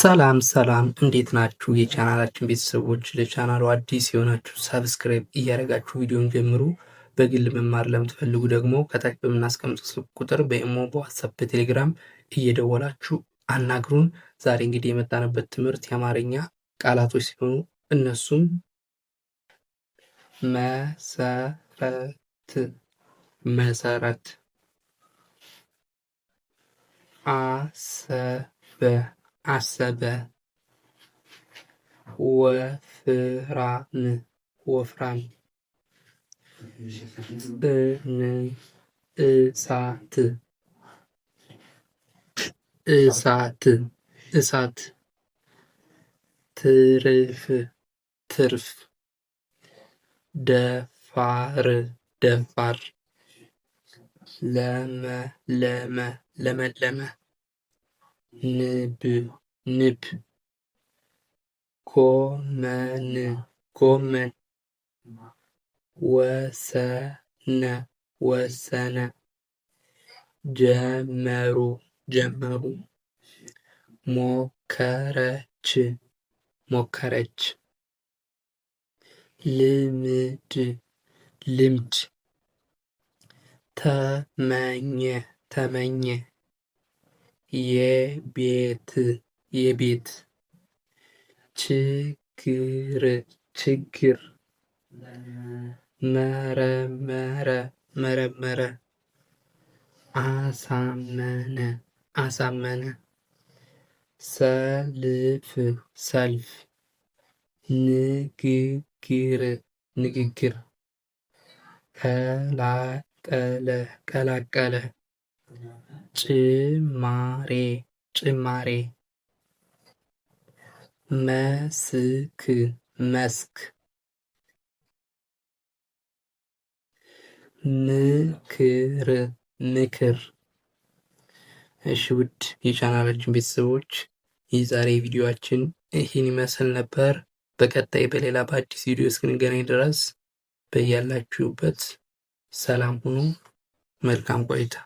ሰላም ሰላም እንዴት ናችሁ? የቻናላችን ቤተሰቦች ለቻናሉ አዲስ የሆናችሁ ሰብስክራይብ እያደረጋችሁ ቪዲዮን ጀምሩ። በግል መማር ለምትፈልጉ ደግሞ ከታች በምናስቀምጠው ስልክ ቁጥር በኢሞ፣ በዋትሳፕ፣ በቴሌግራም እየደወላችሁ አናግሩን። ዛሬ እንግዲህ የመጣንበት ትምህርት የአማርኛ ቃላቶች ሲሆኑ እነሱም መሰረት፣ መሰረት፣ አሰበ عصبة وفران وفران እሳት እሳት እሳት ትርፍ ትርፍ ደፋር ደፋር ለመለመ ለመለመ ንብ ንብ ጎመን ጎመን ወሰነ ወሰነ ጀመሩ ጀመሩ ሞከረች ሞከረች ልምድ ልምድ ተመኘ ተመኘ የቤት የቤት ችግር ችግር መረመረ መረመረ አሳመነ አሳመነ ሰልፍ ሰልፍ ንግግር ንግግር ቀላቀለ ቀላቀለ ጭማሬ ጭማሬ መስክ መስክ ምክር ምክር እሺ ውድ የቻናላችን ቤተሰቦች የዛሬ ቪዲዮችን ይህን ይመስል ነበር። በቀጣይ በሌላ በአዲስ ቪዲዮ እስክንገናኝ ድረስ በያላችሁበት ሰላም ሁኑ። መልካም ቆይታ